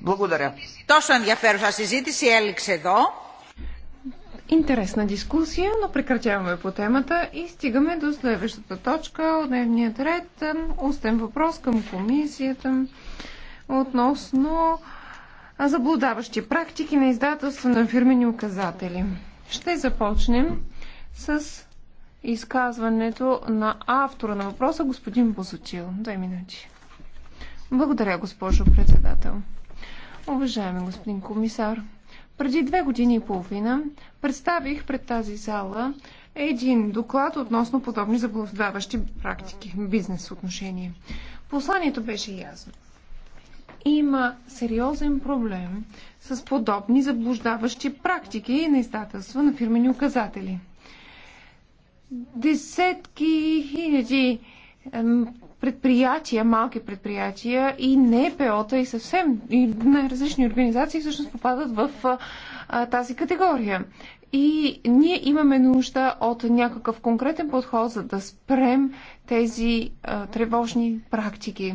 Благодаря. Интересна дискусия, но прекратяваме по темата и стигаме до следващата точка от дневния ред. Остен въпрос към комисията относно заблудаващи практики на издателство на фирмени указатели. Ще започнем с изказването на автора на въпроса, господин Бозотил. Две минути. Благодаря, госпожо председател. Уважаеми господин комисар, преди две години и половина представих пред тази зала един доклад относно подобни заблуждаващи практики бизнес отношения. Посланието беше ясно. Има сериозен проблем с подобни заблуждаващи практики на издателство на фирмени указатели. Десетки хиляди предприятия, малки предприятия и НПО-та и съвсем и най различни организации всъщност попадат в а, тази категория. И ние имаме нужда от някакъв конкретен подход, за да спрем тези а, тревожни практики.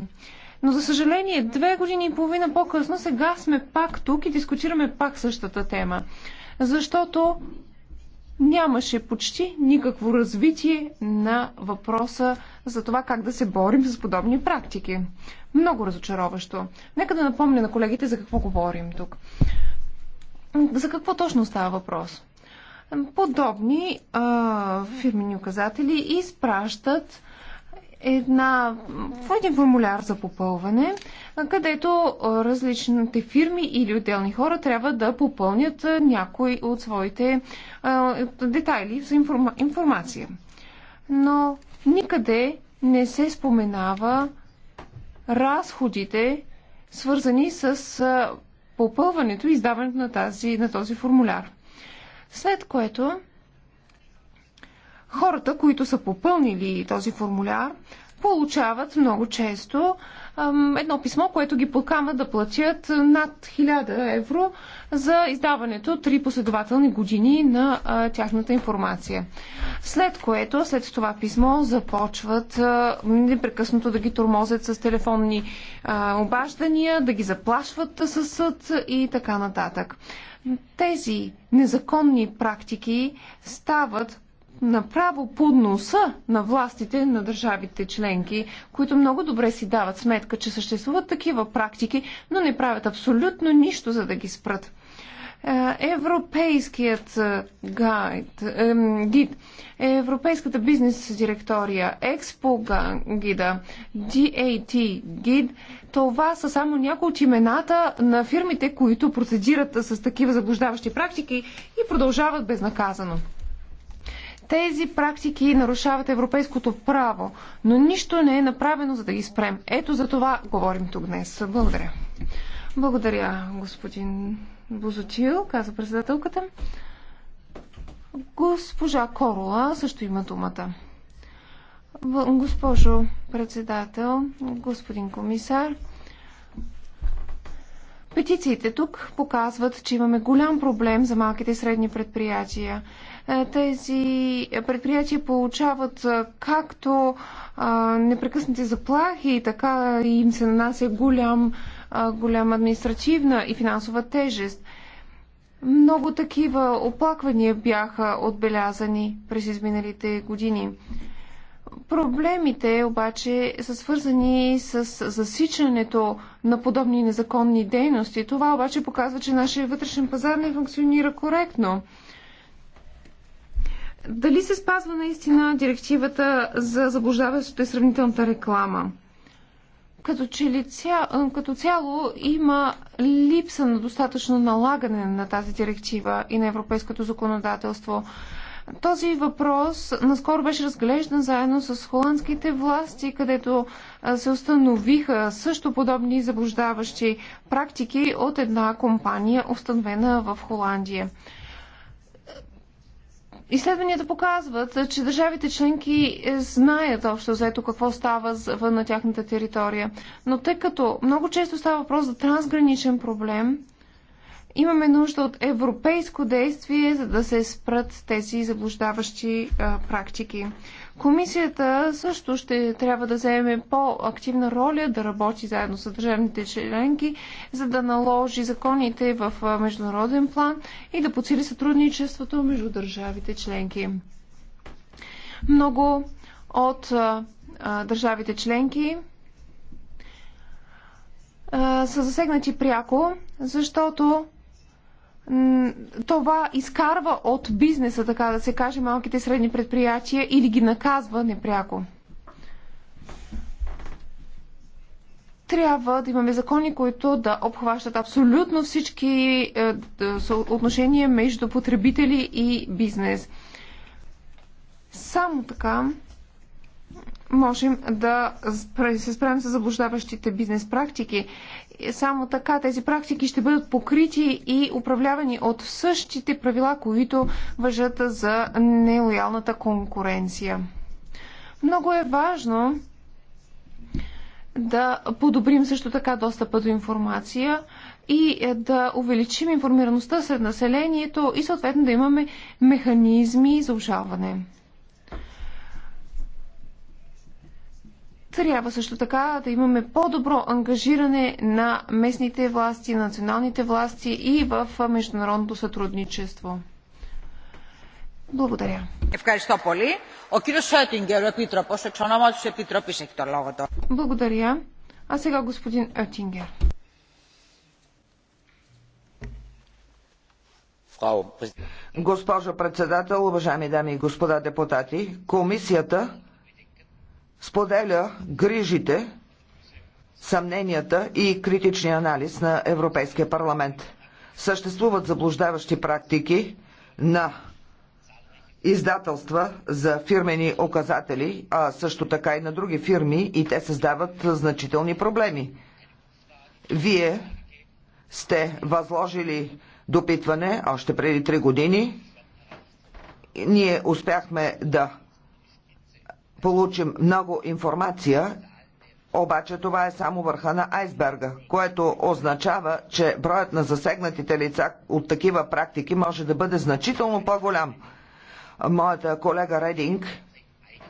Но за съжаление, две години и половина по-късно сега сме пак тук и дискутираме пак същата тема. Защото нямаше почти никакво развитие на въпроса за това как да се борим с подобни практики. Много разочароващо. Нека да напомня на колегите за какво говорим тук. За какво точно става въпрос? Подобни а, фирмени указатели изпращат една, един формуляр за попълване, където различните фирми или отделни хора трябва да попълнят някои от своите детайли за информа, информация. Но никъде не се споменава разходите, свързани с попълването и издаването на, тази, на този формуляр. След което хората, които са попълнили този формуляр, получават много често едно писмо, което ги покама да платят над 1000 евро за издаването три последователни години на тяхната информация. След което, след това писмо, започват непрекъснато да ги тормозят с телефонни обаждания, да ги заплашват със съд и така нататък. Тези незаконни практики стават направо под носа на властите на държавите членки, които много добре си дават сметка, че съществуват такива практики, но не правят абсолютно нищо, за да ги спрат. Е, европейският е, гайд, е, гид, Европейската бизнес директория, Експо гида, DAT гид, това са само някои от имената на фирмите, които процедират с такива заблуждаващи практики и продължават безнаказано. Тези практики нарушават европейското право, но нищо не е направено за да ги спрем. Ето за това говорим тук днес. Благодаря. Благодаря, господин Бозотил, каза председателката. Госпожа Корола също има думата. Госпожо председател, господин комисар, петициите тук показват, че имаме голям проблем за малките и средни предприятия. Е, тези предприятия получават е, както е, непрекъснати заплахи, така и им се нанася голям, голям административна и финансова тежест. Много такива оплаквания бяха отбелязани през изминалите години. Проблемите обаче са свързани с засичането на подобни незаконни дейности. Това обаче показва, че нашия вътрешен пазар не функционира коректно дали се спазва наистина директивата за заблуждаващата и сравнителната реклама? Като, че ли ця... като цяло има липса на достатъчно налагане на тази директива и на европейското законодателство. Този въпрос наскоро беше разглеждан заедно с холандските власти, където се установиха също подобни заблуждаващи практики от една компания, установена в Холандия. Изследванията показват, че държавите членки е, знаят общо заето какво става вън на тяхната територия. Но тъй като много често става въпрос за трансграничен проблем, имаме нужда от европейско действие, за да се спрат тези заблуждаващи а, практики. Комисията също ще трябва да вземе по-активна роля, да работи заедно с държавните членки, за да наложи законите в международен план и да подсили сътрудничеството между държавите членки. Много от държавите членки са засегнати пряко, защото това изкарва от бизнеса, така да се каже, малките и средни предприятия или ги наказва непряко. Трябва да имаме закони, които да обхващат абсолютно всички е, отношения между потребители и бизнес. Само така можем да се справим с заблуждаващите бизнес практики само така тези практики ще бъдат покрити и управлявани от същите правила, които въжат за нелоялната конкуренция. Много е важно да подобрим също така достъпа до информация и да увеличим информираността сред населението и съответно да имаме механизми за обжалване. Трябва също така да имаме по-добро ангажиране на местните власти, националните власти и в международното сътрудничество. Благодаря. Благодаря. А сега господин Оттингер. Госпожо председател, уважаеми дами и господа депутати, комисията споделя грижите, съмненията и критичния анализ на Европейския парламент. Съществуват заблуждаващи практики на издателства за фирмени оказатели, а също така и на други фирми и те създават значителни проблеми. Вие сте възложили допитване още преди три години. Ние успяхме да получим много информация, обаче това е само върха на айсберга, което означава, че броят на засегнатите лица от такива практики може да бъде значително по-голям. Моята колега Рединг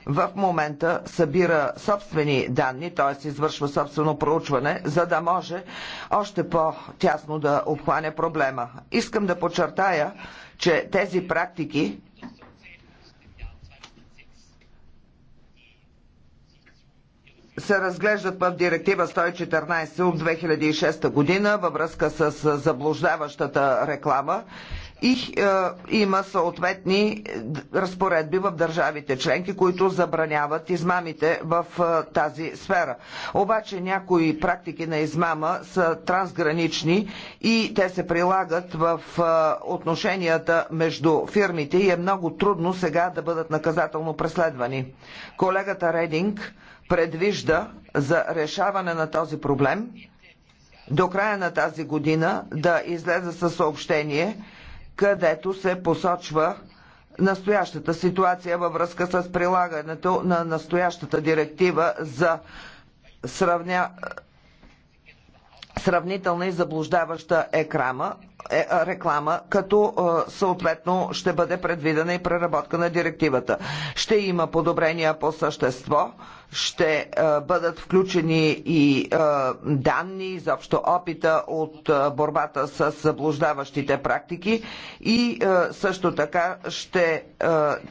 в момента събира собствени данни, т.е. извършва собствено проучване, за да може още по-тясно да обхване проблема. Искам да подчертая, че тези практики се разглеждат в Директива 114 от 2006 година във връзка с заблуждаващата реклама и е, има съответни разпоредби в държавите членки, които забраняват измамите в е, тази сфера. Обаче някои практики на измама са трансгранични и те се прилагат в е, отношенията между фирмите и е много трудно сега да бъдат наказателно преследвани. Колегата Рединг предвижда за решаване на този проблем до края на тази година да излезе със съобщение където се посочва настоящата ситуация във връзка с прилагането на настоящата директива за сравня... сравнителна и заблуждаваща екрама, е, е, реклама, като е, съответно ще бъде предвидена и преработка на директивата. Ще има подобрения по същество, ще бъдат включени и данни, изобщо опита от борбата с заблуждаващите практики и също така ще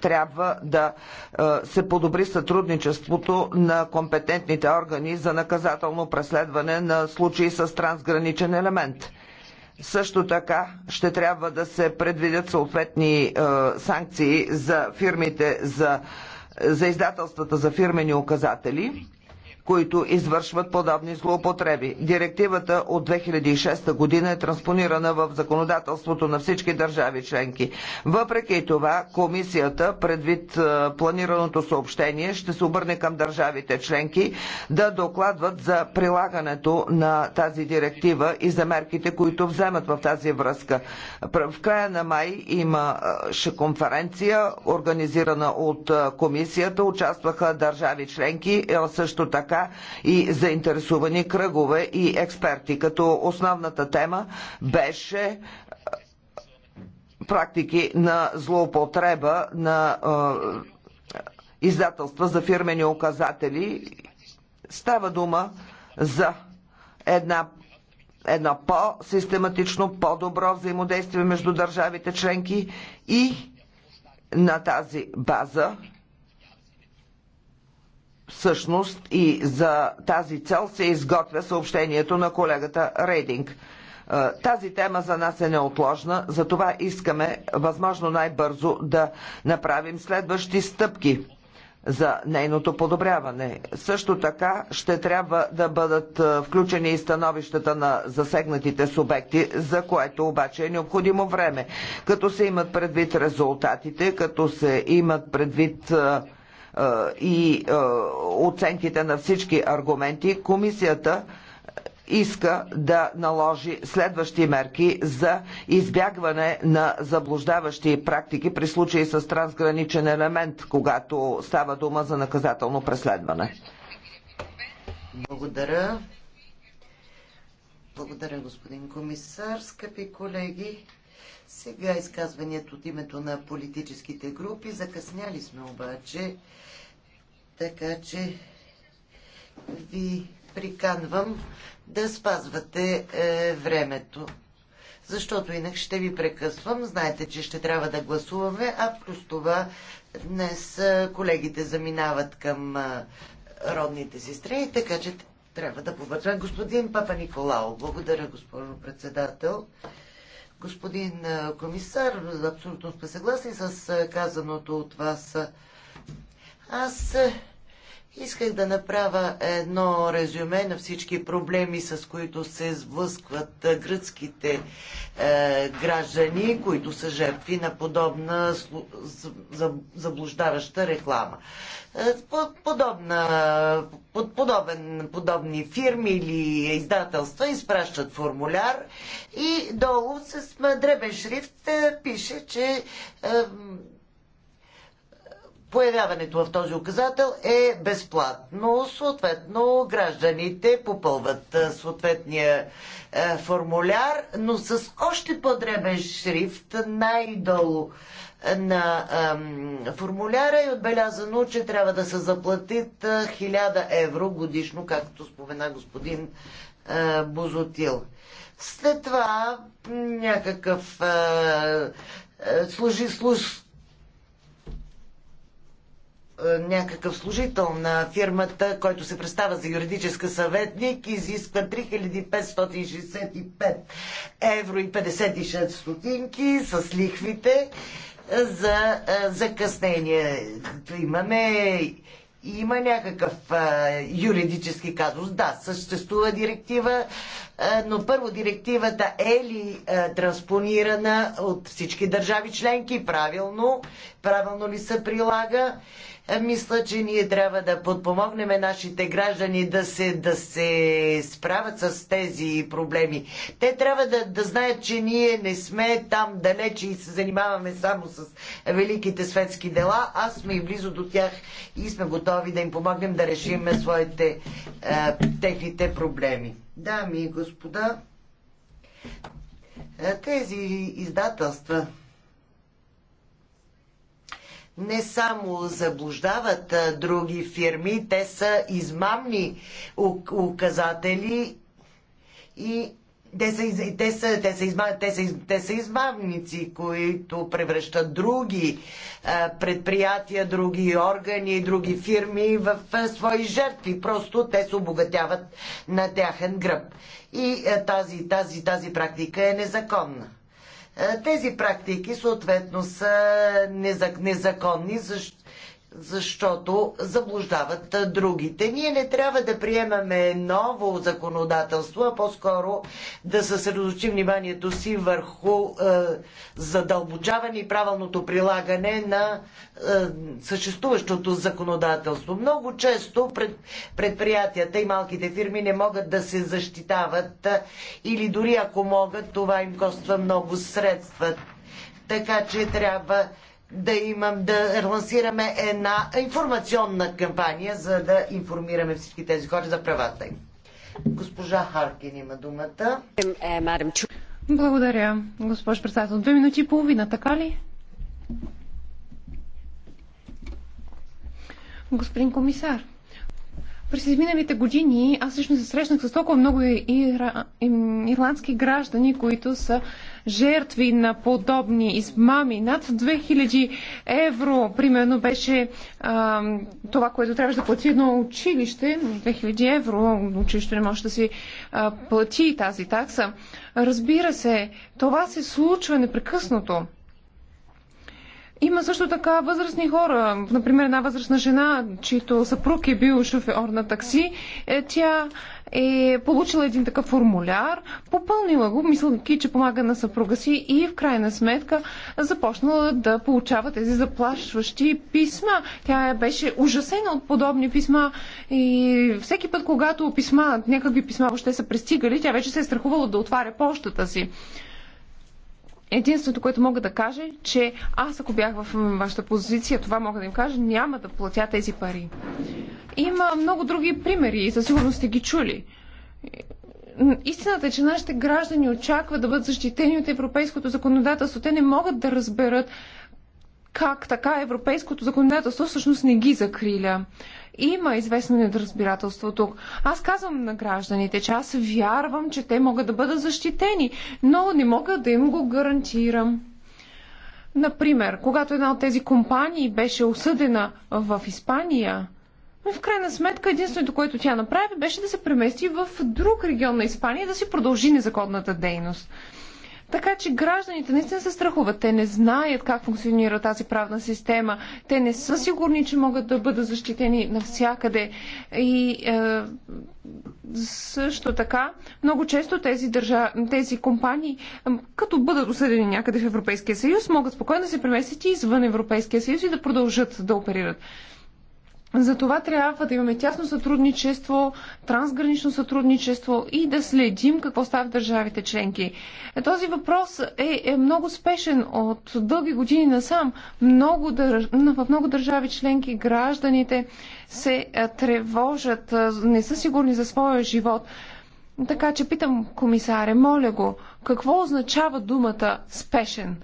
трябва да се подобри сътрудничеството на компетентните органи за наказателно преследване на случаи с трансграничен елемент. Също така ще трябва да се предвидят съответни е, санкции за фирмите за, за издателствата за фирмени указатели които извършват подобни злоупотреби. Директивата от 2006 година е транспонирана в законодателството на всички държави членки. Въпреки това, комисията, предвид планираното съобщение, ще се обърне към държавите членки да докладват за прилагането на тази директива и за мерките, които вземат в тази връзка. В края на май има конференция, организирана от комисията. Участваха държави членки, също така така и заинтересувани кръгове и експерти, като основната тема беше е, практики на злоупотреба на е, издателства за фирмени указатели. Става дума за една едно по-систематично, по-добро взаимодействие между държавите членки и на тази база всъщност и за тази цел се изготвя съобщението на колегата Рейдинг. Е, тази тема за нас е неотложна, затова искаме възможно най-бързо да направим следващи стъпки за нейното подобряване. Също така ще трябва да бъдат е, включени и становищата на засегнатите субекти, за което обаче е необходимо време, като се имат предвид резултатите, като се имат предвид е, е, и е, оценките на всички аргументи, комисията иска да наложи следващи мерки за избягване на заблуждаващи практики при случаи с трансграничен елемент, когато става дума за наказателно преследване. Благодаря. Благодаря, господин комисар. Скъпи колеги, сега изказванията от името на политическите групи. Закъсняли сме обаче, така че ви приканвам да спазвате е, времето. Защото инак ще ви прекъсвам. Знаете, че ще трябва да гласуваме, а плюс това днес е, колегите заминават към е, родните сестри, така че трябва да побързаме. Господин Папа Николао, благодаря, госпожо председател. Господин комисар, абсолютно сме съгласни с казаното от вас. Аз Исках да направя едно резюме на всички проблеми, с които се сблъскват гръцките е, граждани, които са жертви на подобна заблуждаваща реклама. Е, подобна, под, подобен, подобни фирми или издателства изпращат формуляр и долу с дребен шрифт е, пише, че е, появяването в този указател е безплатно. Съответно, гражданите попълват съответния формуляр, но с още по-дребен шрифт най-долу на е, формуляра е отбелязано, че трябва да се заплатят 1000 евро годишно, както спомена господин Бозотил. След това някакъв служи, служ, е, някакъв служител на фирмата, който се представя за юридическа съветник, изисква 3565 евро и 56 стотинки с лихвите е, за е, закъснение. Имаме има някакъв а, юридически казус. Да, съществува директива, а, но първо директивата е ли а, транспонирана от всички държави членки, правилно, правилно ли се прилага е, мисля, че ние трябва да подпомогнем нашите граждани да се, да се справят с тези проблеми. Те трябва да, да знаят, че ние не сме там далече и се занимаваме само с великите светски дела, а сме и близо до тях и сме готови да им помогнем да решим своите, а, е, техните проблеми. Дами и господа, е, тези издателства, не само заблуждават а, други фирми, те са измамни указатели и те са, те, са, те, са изма, те, са, те са измамници, които превръщат други а, предприятия, други органи, други фирми в а, свои жертви. Просто те се обогатяват на тяхен гръб. И а, тази, тази, тази практика е незаконна. Е, тези практики съответно са незаконни, защото защото заблуждават другите. Ние не трябва да приемаме ново законодателство, а по-скоро да съсредоточим вниманието си върху е, задълбочаване и правилното прилагане на е, съществуващото законодателство. Много често пред, предприятията и малките фирми не могат да се защитават е, или дори ако могат, това им коства много средства. Така че трябва да имам, да лансираме една информационна кампания, за да информираме всички тези хора за правата им. Госпожа Харкин има думата. Благодаря, госпожо председател. Две минути и половина, така ли? Господин комисар, през изминалите години аз лично се срещнах с толкова много ирландски граждани, които са жертви на подобни измами. Над 2000 евро, примерно, беше а, това, което трябваше да плати едно училище. 2000 евро училище не може да си а, плати тази такса. Разбира се, това се случва непрекъснато. Има също така възрастни хора. Например, една възрастна жена, чийто съпруг е бил шофьор на такси, е, тя е получила един такъв формуляр, попълнила го, мислики, че помага на съпруга си и в крайна сметка започнала да получава тези заплашващи писма. Тя беше ужасена от подобни писма и всеки път, когато писма, някакви писма въобще са пристигали, тя вече се е страхувала да отваря почтата си. Единственото, което мога да кажа, е, че аз ако бях в вашата позиция, това мога да им кажа, няма да платя тези пари. Има много други примери и със сигурност сте ги чули. Истината е, че нашите граждани очакват да бъдат защитени от европейското законодателство. Те не могат да разберат как така европейското законодателство всъщност не ги закриля. Има известно недоразбирателство тук. Аз казвам на гражданите, че аз вярвам, че те могат да бъдат защитени, но не мога да им го гарантирам. Например, когато една от тези компании беше осъдена в Испания, в крайна сметка единственото, което тя направи, беше да се премести в друг регион на Испания да си продължи незаконната дейност. Така че гражданите наистина се страхуват. Те не знаят как функционира тази правна система. Те не са сигурни, че могат да бъдат защитени навсякъде. И е, също така, много често тези, държа... тези компании, е, като бъдат осъдени някъде в Европейския съюз, могат спокойно да се преместят и извън Европейския съюз и да продължат да оперират. За това трябва да имаме тясно сътрудничество, трансгранично сътрудничество и да следим какво става в държавите членки. Този въпрос е, е много спешен от дълги години насам. Много дър... В много държави членки гражданите се е, тревожат, е, не са сигурни за своя живот. Така че питам комисаре, моля го, какво означава думата спешен?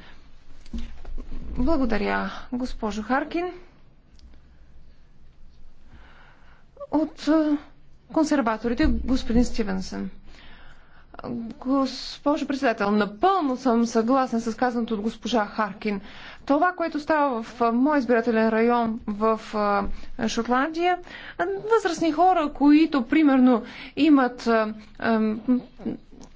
Благодаря, госпожо Харкин. От консерваторите, господин Стивенсън. Госпожо председател, напълно съм съгласен с казаното от госпожа Харкин. Това, което става в мой избирателен район в Шотландия, възрастни хора, които примерно имат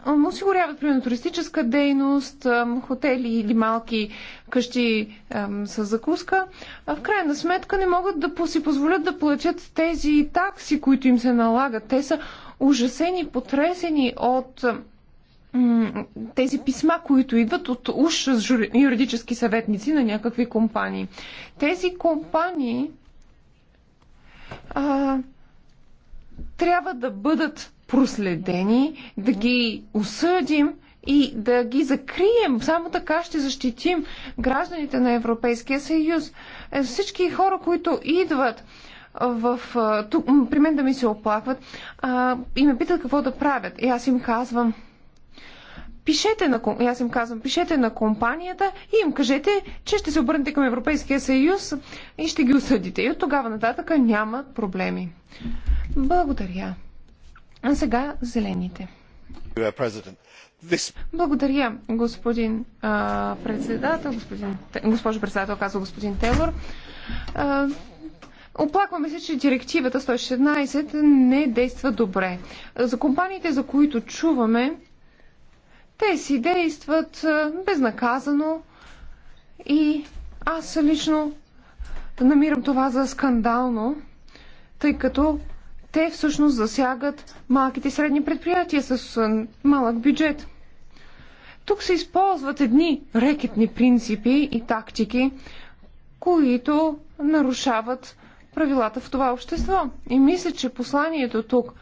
осигуряват, примерно, туристическа дейност, хотели или малки къщи с закуска, в крайна сметка не могат да си позволят да плачат тези такси, които им се налагат. Те са ужасени, потресени от тези писма, които идват от уж юридически съветници на някакви компании. Тези компании а, трябва да бъдат проследени, да ги осъдим и да ги закрием. Само така ще защитим гражданите на Европейския съюз. Е, всички хора, които идват в, тук, при мен да ми се оплакват а, и ме питат какво да правят. И аз им казвам, пишете на, аз им казвам, пишете на компанията и им кажете, че ще се обърнете към Европейския съюз и ще ги осъдите. И от тогава нататък няма проблеми. Благодаря. А сега зелените. Благодаря, господин а, председател, господин, госпожо председател, казва господин Тейлор. Оплакваме се, че директивата 116 не действа добре. За компаниите, за които чуваме, те си действат безнаказано и аз лично намирам това за скандално, тъй като те всъщност засягат малките и средни предприятия с малък бюджет. Тук се използват едни рекетни принципи и тактики, които нарушават правилата в това общество. И мисля, че посланието тук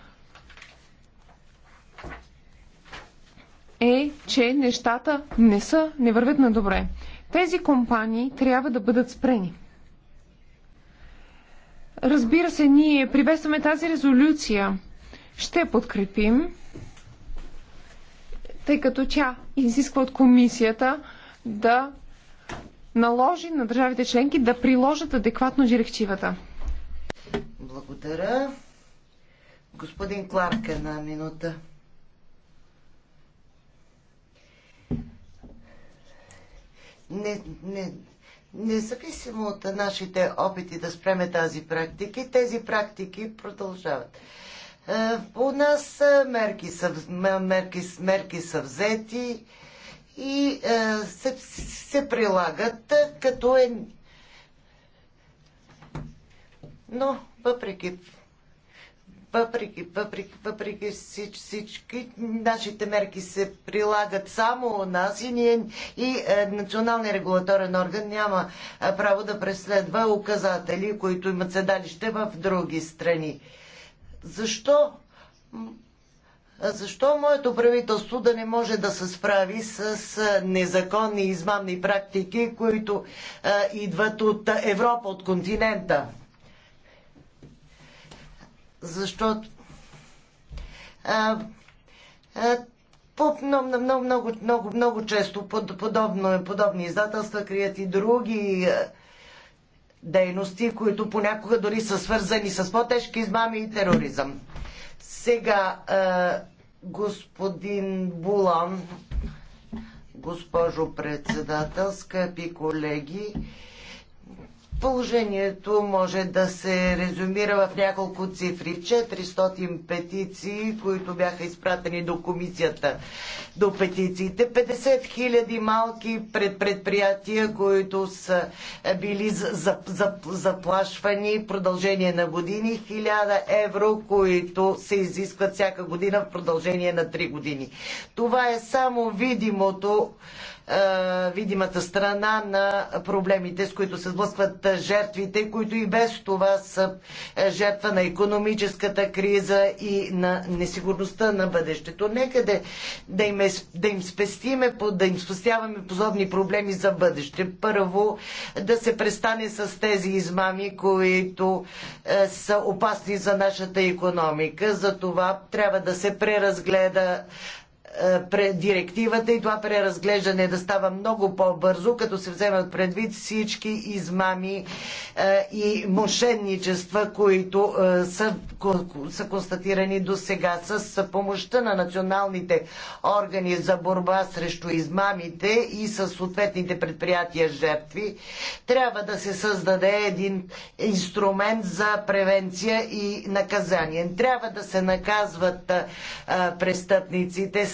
е, че нещата не са, не вървят на добре. Тези компании трябва да бъдат спрени. Разбира се, ние приветстваме тази резолюция. Ще подкрепим, тъй като тя изисква от комисията да наложи на държавите членки да приложат адекватно директивата. Благодаря. Господин Кларк, една минута. Не, не, Независимо от нашите опити да спреме тази практики, тези практики продължават. Е, у нас е, мерки са, мерки, мерки са взети и е, се, се прилагат като е. Но, въпреки въпреки, въпреки, въпреки всич, всички нашите мерки се прилагат само у нас и, ние, и е, националния регулаторен орган няма е, право да преследва указатели, които имат седалище в други страни. Защо? Защо моето правителство да не може да се справи с е, незаконни измамни практики, които е, идват от Европа, от континента? Защото а, а, по много, много, много, много, много често под, подобно, подобни издателства крият и други а, дейности, които понякога дори са свързани с по-тежки измами и тероризъм. Сега, а, господин Булан, госпожо председател, скъпи колеги, Положението може да се резюмира в няколко цифри. 400 петиции, които бяха изпратени до комисията до петициите. 50 хиляди малки предприятия, които са били заплашвани в продължение на години. 1000 евро, които се изискват всяка година в продължение на 3 години. Това е само видимото е, видимата страна на проблемите, с които се сблъскват жертвите, които и без това са жертва на економическата криза и на несигурността на бъдещето. Нека да, да, им, е, да им спестиме, да им спестяваме позорни проблеми за бъдеще. Първо, да се престане с тези измами, които е, са опасни за нашата економика. За това трябва да се преразгледа е, директивата и това преразглеждане да става много по-бързо, като се вземат предвид всички измами е, и мошенничества, които е, са, са констатирани до сега. С помощта на националните органи за борба срещу измамите и с съответните предприятия жертви, трябва да се създаде един инструмент за превенция и наказание. Трябва да се наказват престъпниците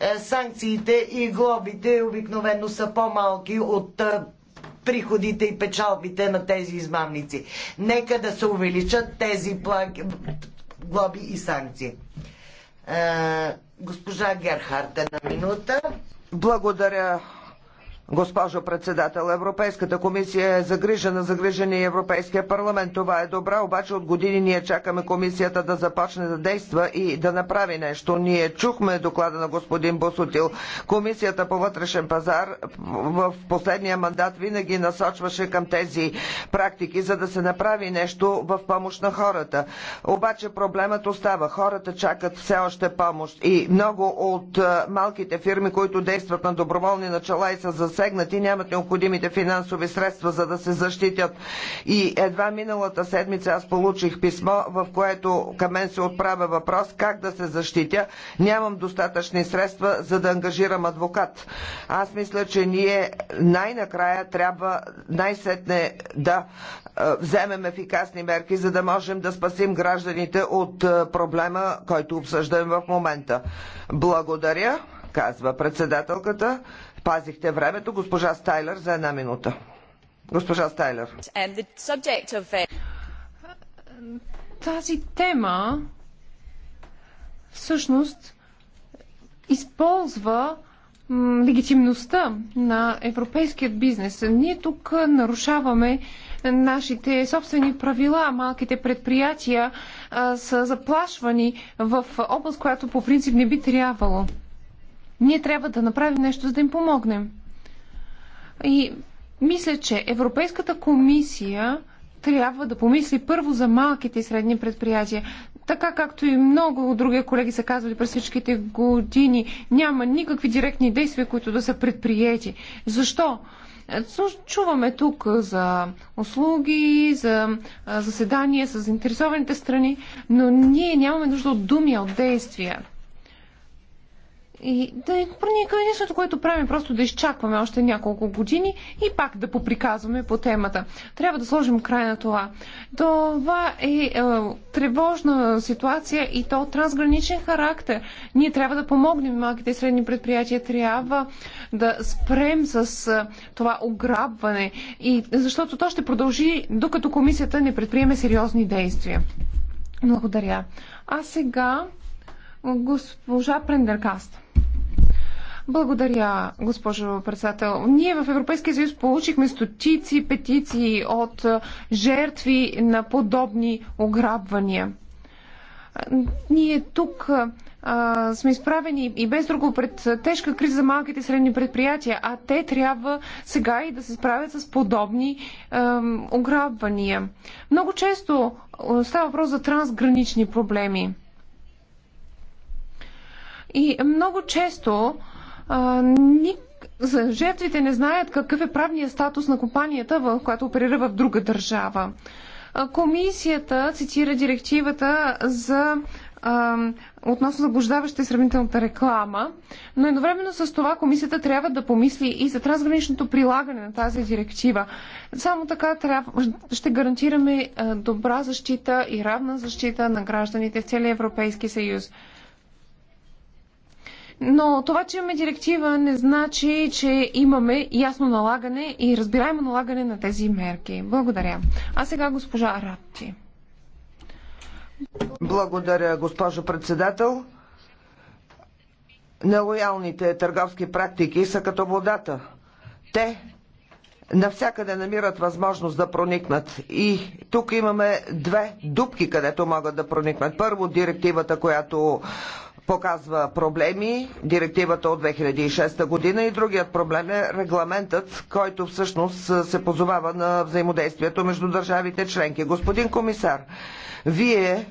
е, санкциите и глобите обикновено са по-малки от е, приходите и печалбите на тези измамници. Нека да се увеличат тези глоби и санкции. Е, госпожа Герхарт, една минута. Благодаря, Госпожо председател, Европейската комисия е загрижена, загрижен и Европейския парламент. Това е добра, обаче от години ние чакаме комисията да започне да действа и да направи нещо. Ние чухме доклада на господин Босутил. Комисията по вътрешен пазар в последния мандат винаги насочваше към тези практики, за да се направи нещо в помощ на хората. Обаче проблемът остава. Хората чакат все още помощ и много от малките фирми, които действат на доброволни начала и са за засегнати, нямат необходимите финансови средства, за да се защитят. И едва миналата седмица аз получих писмо, в което към мен се отправя въпрос как да се защитя. Нямам достатъчни средства, за да ангажирам адвокат. Аз мисля, че ние най-накрая трябва най-сетне да е, вземем ефикасни мерки, за да можем да спасим гражданите от е, проблема, който обсъждаме в момента. Благодаря, казва председателката. Пазихте времето, госпожа Стайлер, за една минута. Госпожа Стайлер. Тази тема всъщност използва легитимността на европейският бизнес. Ние тук нарушаваме нашите собствени правила. Малките предприятия а, са заплашвани в област, която по принцип не би трябвало. Ние трябва да направим нещо, за да им помогнем. И мисля, че Европейската комисия трябва да помисли първо за малките и средни предприятия. Така както и много други колеги са казвали през всичките години, няма никакви директни действия, които да са предприяти. Защо? Чуваме тук за услуги, за заседания с заинтересованите страни, но ние нямаме нужда от думи, от действия. И да е проника единственото, което правим, е просто да изчакваме още няколко години и пак да поприказваме по темата. Трябва да сложим край на това. Това е, е тревожна ситуация и то трансграничен характер. Ние трябва да помогнем малките и средни предприятия, трябва да спрем с е, това ограбване, и, защото то ще продължи, докато комисията не предприеме сериозни действия. Благодаря. А сега госпожа Прендеркаст. Благодаря, госпожо председател. Ние в Европейския съюз получихме стотици петиции от жертви на подобни ограбвания. Ние тук а, сме изправени и без друго пред тежка криза за малките и средни предприятия, а те трябва сега и да се справят с подобни а, ограбвания. Много често става въпрос за трансгранични проблеми. И много често а, а, ни, жертвите не знаят какъв е правният статус на компанията, в която оперира в друга държава. Комисията цитира директивата за относно заблуждаваща и сравнителната реклама, но едновременно с това комисията трябва да помисли и за трансграничното прилагане на тази директива. Само така трябва, ще гарантираме добра защита и равна защита на гражданите в целия Европейски съюз. Но това, че имаме директива, не значи, че имаме ясно налагане и разбираемо налагане на тези мерки. Благодаря. А сега госпожа Рапти. Благодаря, госпожо председател. Нелоялните търговски практики са като водата. Те навсякъде намират възможност да проникнат. И тук имаме две дупки, където могат да проникнат. Първо, директивата, която показва проблеми, директивата от 2006 година и другият проблем е регламентът, който всъщност се позовава на взаимодействието между държавите членки. Господин комисар, вие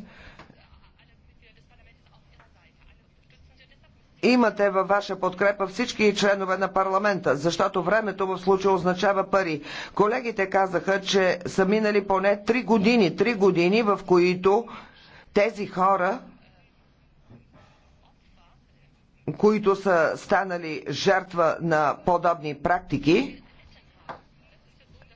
имате във ваша подкрепа всички членове на парламента, защото времето в случая означава пари. Колегите казаха, че са минали поне три години, три години, в които тези хора които са станали жертва на подобни практики,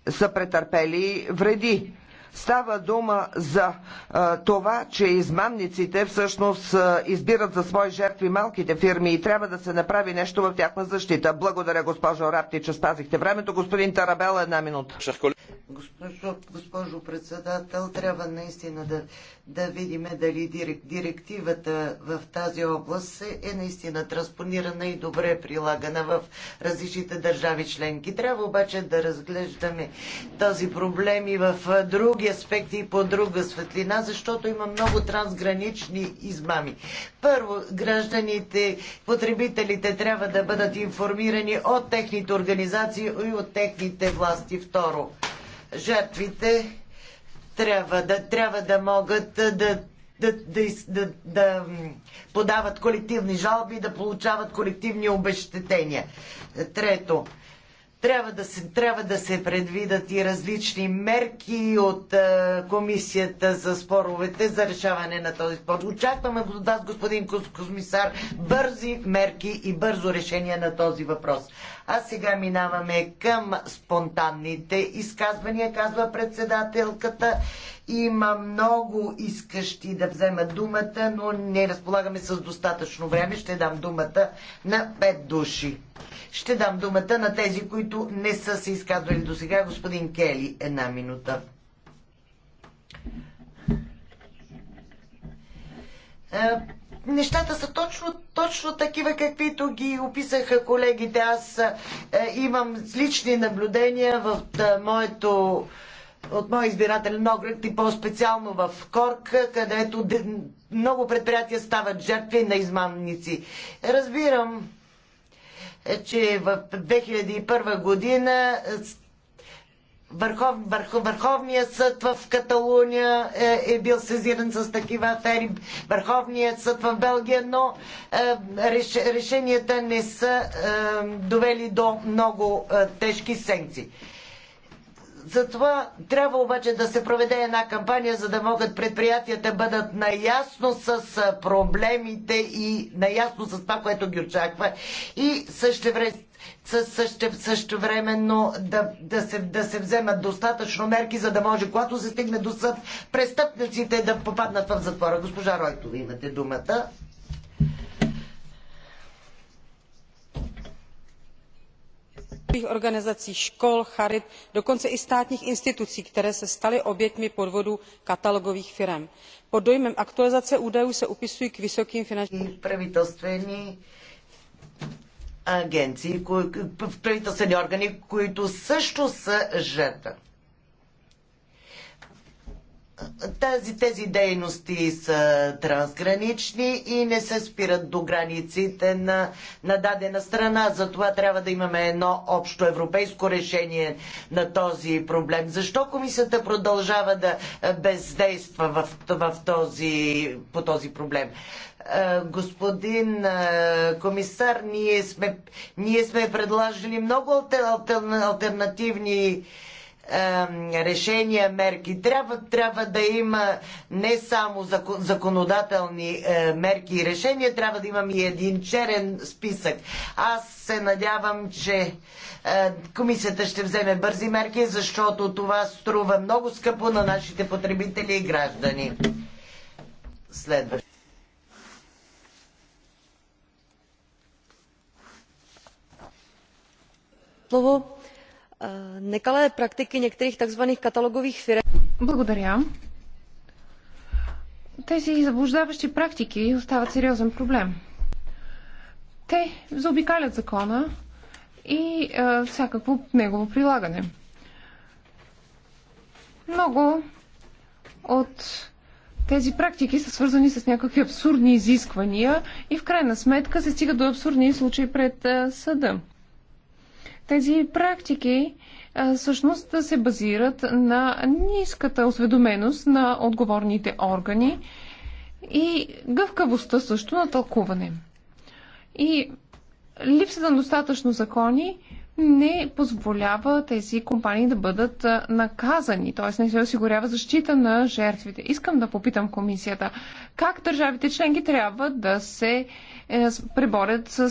са претърпели вреди. Става дума за а, това, че измамниците всъщност а, избират за свои жертви малките фирми и трябва да се направи нещо в тяхна защита. Благодаря, госпожо Рапти, че спазихте времето. Господин Тарабел, една минута. Госпожо, госпожо председател, трябва наистина да, да видим дали директивата в тази област е, е наистина транспонирана и добре прилагана в различните държави членки. Трябва обаче да разглеждаме този проблем и в други аспекти и по друга светлина, защото има много трансгранични измами. Първо, гражданите, потребителите трябва да бъдат информирани от техните организации и от техните власти. Второ, жертвите трябва да, трябва да могат да, да, да, да, да подават колективни жалби и да получават колективни обещетения. Трето, трябва да се, трябва да се предвидат и различни мерки от е, комисията за споровете за решаване на този спор. Очакваме от вас, господин комисар, бързи мерки и бързо решение на този въпрос. А сега минаваме към спонтанните изказвания, казва председателката. Има много искащи да вземат думата, но не разполагаме с достатъчно време. Ще дам думата на пет души. Ще дам думата на тези, които не са се изказвали до сега. Господин Кели, една минута. Е, нещата са точно, точно такива, каквито ги описаха колегите. Аз е, имам лични наблюдения в е, моето от моя избирателен оград и по-специално в Корк, където много предприятия стават жертви на измамници. Разбирам, е, че в 2001 година Върхов, върхов, Върховният съд в Каталуния е, е бил сезиран с такива афери, Върховният съд в Белгия, но е, реш, решенията не са е, довели до много е, тежки санкции. Затова трябва обаче да се проведе една кампания, за да могат предприятията бъдат наясно с проблемите и наясно с това, което ги очаква и същевременно да, да, се, да се вземат достатъчно мерки, за да може, когато се стигне до съд, престъпниците да попаднат в затвора. Госпожа Ройтова, имате думата. organizací škol charit dokonce i státních institucí které se staly oběťmi podvodů katalogových firem. pod dojmem aktualizace údajů se upisují k vysokým finančním тази, тези дейности са трансгранични и не се спират до границите на, на дадена страна. Затова трябва да имаме едно общо европейско решение на този проблем. Защо комисията продължава да бездейства в, в този, по този проблем? Е, господин е, комисар, ние сме, ние сме предложили много альтернативни решения, мерки. Трябва, трябва да има не само законодателни е, мерки и решения, трябва да имам и един черен списък. Аз се надявам, че е, комисията ще вземе бързи мерки, защото това струва много скъпо на нашите потребители и граждани. Следващо. Слово nekalé praktiky některých tzv. katalogových firm. Благодаря. Тези заблуждаващи практики остават сериозен проблем. Те заобикалят закона и а, е, всякакво негово прилагане. Много от тези практики са свързани с някакви абсурдни изисквания и в крайна сметка се стига до абсурдни случаи пред е, съда. Тези практики всъщност да се базират на ниската осведоменост на отговорните органи и гъвкавостта също на тълкуване. И липсата на достатъчно закони не позволява тези компании да бъдат наказани, т.е. не се осигурява защита на жертвите. Искам да попитам комисията, как държавите членки трябва да се е, преборят с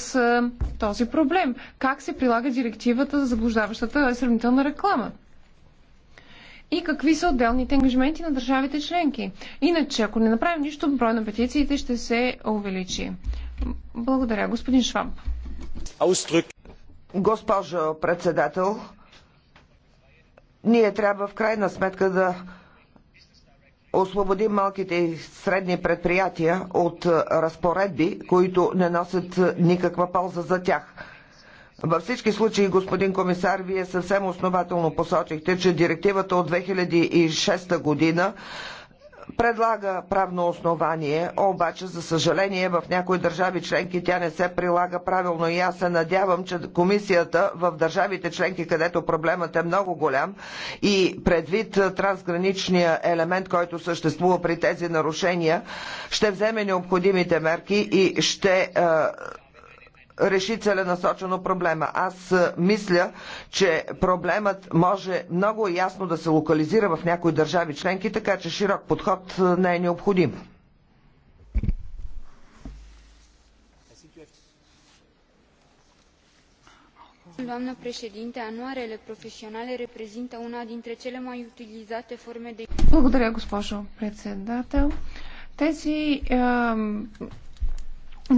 този проблем? Как се прилага директивата за заблуждаващата сравнителна реклама? и какви са отделните ангажименти на държавите членки. Иначе, ако не направим нищо, брой на петициите ще се увеличи. Благодаря. Господин Швамп. Госпожо председател, ние трябва в крайна сметка да освободим малките и средни предприятия от разпоредби, които не носят никаква полза за тях. Във всички случаи, господин комисар, вие съвсем основателно посочихте, че директивата от 2006 година предлага правно основание, обаче за съжаление в някои държави членки тя не се прилага правилно и аз се надявам, че комисията в държавите членки, където проблемът е много голям и предвид трансграничния елемент, който съществува при тези нарушения, ще вземе необходимите мерки и ще е, реши целенасочено проблема. Аз мисля, че проблемът може много ясно да се локализира в някои държави членки, така че широк подход не е необходим. președinte, anuarele profesionale reprezintă una dintre cele mai utilizate forme de... Благодаря, госпожо председател. Тези е,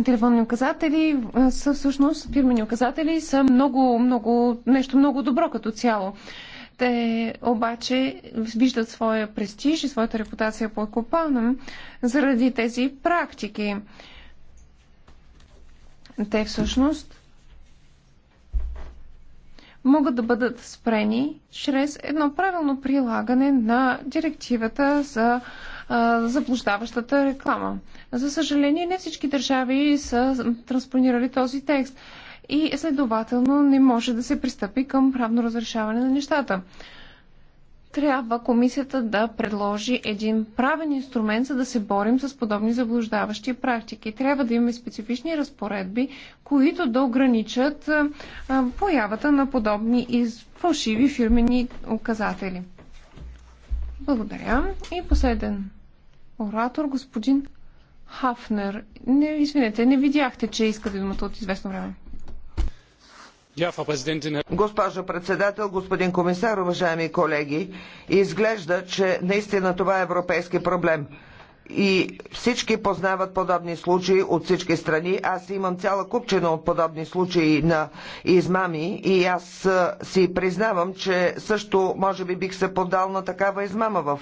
телефонни указатели са всъщност фирмени указатели са много, много, нещо много добро като цяло. Те обаче виждат своя престиж и своята репутация по екопана заради тези практики. Те всъщност могат да бъдат спрени чрез едно правилно прилагане на директивата за заблуждаващата реклама. За съжаление, не всички държави са транспонирали този текст и следователно не може да се пристъпи към правно разрешаване на нещата. Трябва комисията да предложи един правен инструмент, за да се борим с подобни заблуждаващи практики. Трябва да имаме специфични разпоредби, които да ограничат появата на подобни и фалшиви фирмени указатели. Благодаря. И последен оратор, господин Хафнер. Не, извинете, не видяхте, че искате думата от известно време. Госпожо председател, господин комисар, уважаеми колеги, изглежда, че наистина това е европейски проблем и всички познават подобни случаи от всички страни. Аз имам цяла купчина от подобни случаи на измами и аз си признавам, че също може би бих се поддал на такава измама в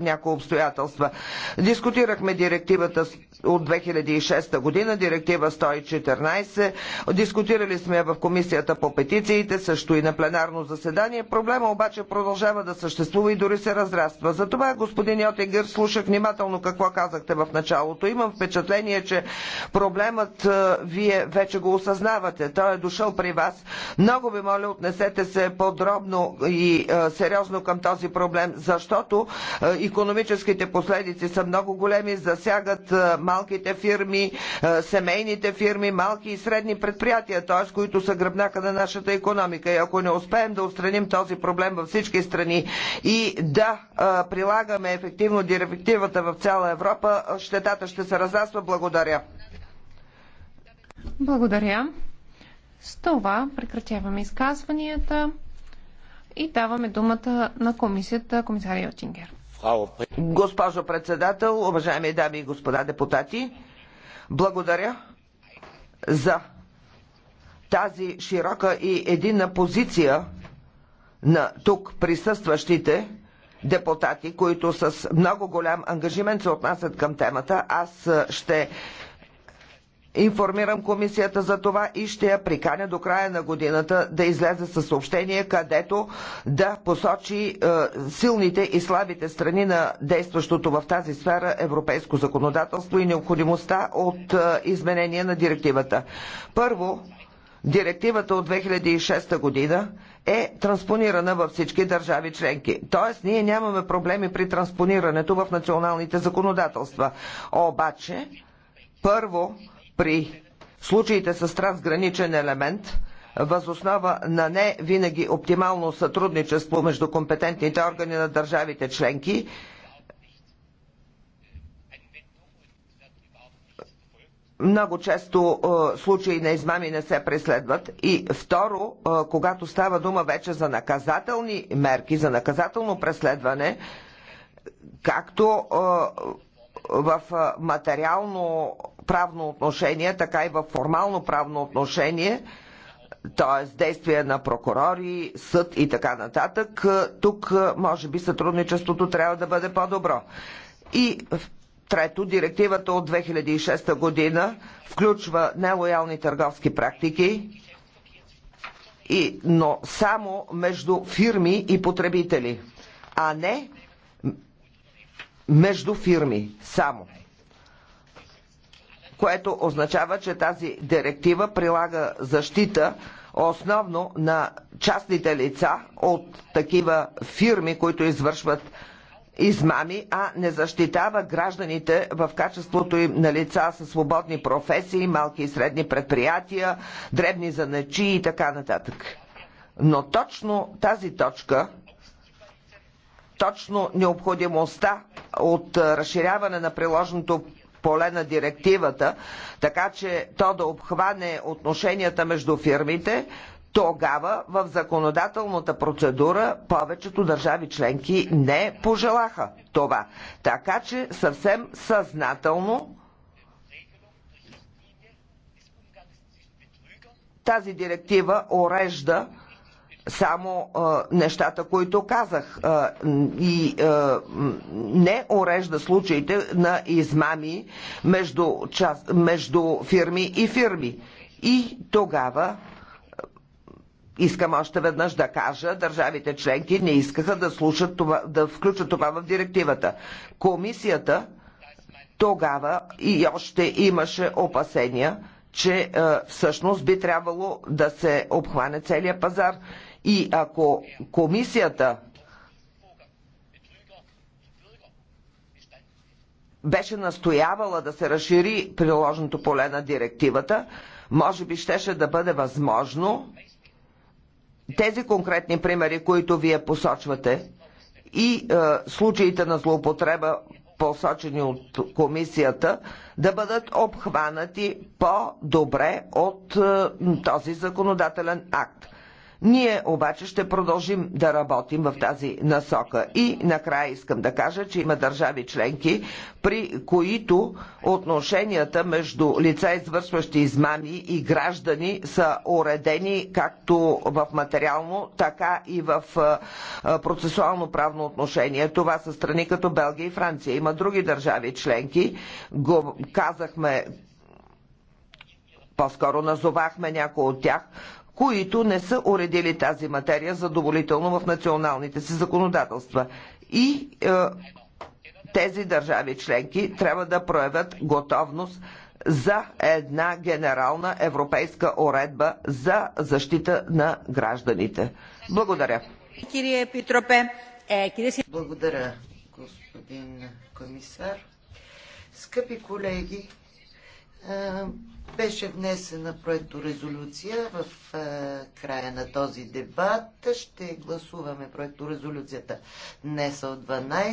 някои обстоятелства. Дискутирахме директивата от 2006 година, директива 114. Дискутирали сме в комисията по петициите, също и на пленарно заседание. Проблема обаче продължава да съществува и дори се разраства. Затова, господин Йотегър слушах внимателно какво какво казахте в началото. Имам впечатление, че проблемът е, вие вече го осъзнавате. Той е дошъл при вас. Много ви моля, отнесете се подробно и е, сериозно към този проблем, защото економическите последици са много големи, засягат е, малките фирми, семейните фирми, малки и средни предприятия, т.е. които са гръбнака на нашата економика. И ако не успеем да устраним този проблем във всички страни и да прилагаме ефективно директивата в цяла Европа щетата ще се разраства. Благодаря. Благодаря. С това прекратяваме изказванията и даваме думата на комисията комисаря Йотингер. Госпожо председател, уважаеми дами и господа депутати, благодаря за тази широка и единна позиция на тук присъстващите депутати, които с много голям ангажимент се отнасят към темата. Аз ще Информирам комисията за това и ще я приканя до края на годината да излезе със съобщение, където да посочи е, силните и слабите страни на действащото в тази сфера европейско законодателство и необходимостта от е, изменение на директивата. Първо, директивата от 2006 година е транспонирана във всички държави членки. Тоест, ние нямаме проблеми при транспонирането в националните законодателства. Обаче, първо, при случаите с трансграничен елемент, възоснова на не винаги оптимално сътрудничество между компетентните органи на държавите членки, много често е, случаи на измами не се преследват. И второ, е, когато става дума вече за наказателни мерки, за наказателно преследване, както е, в материално правно отношение, така и в формално правно отношение, т.е. действия на прокурори, съд и така нататък, тук може би сътрудничеството трябва да бъде по-добро. И Трето, директивата от 2006 година включва нелоялни търговски практики, и, но само между фирми и потребители, а не между фирми само. Което означава, че тази директива прилага защита основно на частните лица от такива фирми, които извършват измами, а не защитава гражданите в качеството им на лица със свободни професии, малки и средни предприятия, дребни заначи и така нататък. Но точно тази точка, точно необходимостта от разширяване на приложното поле на директивата, така че то да обхване отношенията между фирмите, тогава в законодателната процедура повечето държави членки не пожелаха това. Така че съвсем съзнателно тази директива орежда само а, е, нещата, които казах а, е, и а, е, не урежда случаите на измами между, част, между фирми и фирми. И тогава Искам още веднъж да кажа, държавите членки не искаха да, слушат това, да включат това в директивата. Комисията тогава и още имаше опасения, че е, всъщност би трябвало да се обхване целият пазар. И ако комисията беше настоявала да се разшири приложното поле на директивата, може би щеше да бъде възможно тези конкретни примери, които вие посочвате и е, случаите на злоупотреба посочени от комисията, да бъдат обхванати по-добре от е, този законодателен акт. Ние обаче ще продължим да работим в тази насока. И накрая искам да кажа, че има държави членки, при които отношенията между лица, извършващи измами и граждани са уредени както в материално, така и в процесуално правно отношение. Това са страни като Белгия и Франция. Има други държави членки. Го казахме по-скоро назовахме някои от тях, които не са уредили тази материя задоволително в националните си законодателства. И е, тези държави членки трябва да проявят готовност за една генерална европейска уредба за защита на гражданите. Благодаря. Е, Благодаря, господин комисар. Скъпи колеги, е, беше внесена проекторезолюция в е, края на този дебат. Ще гласуваме проекторезолюцията днес от 12.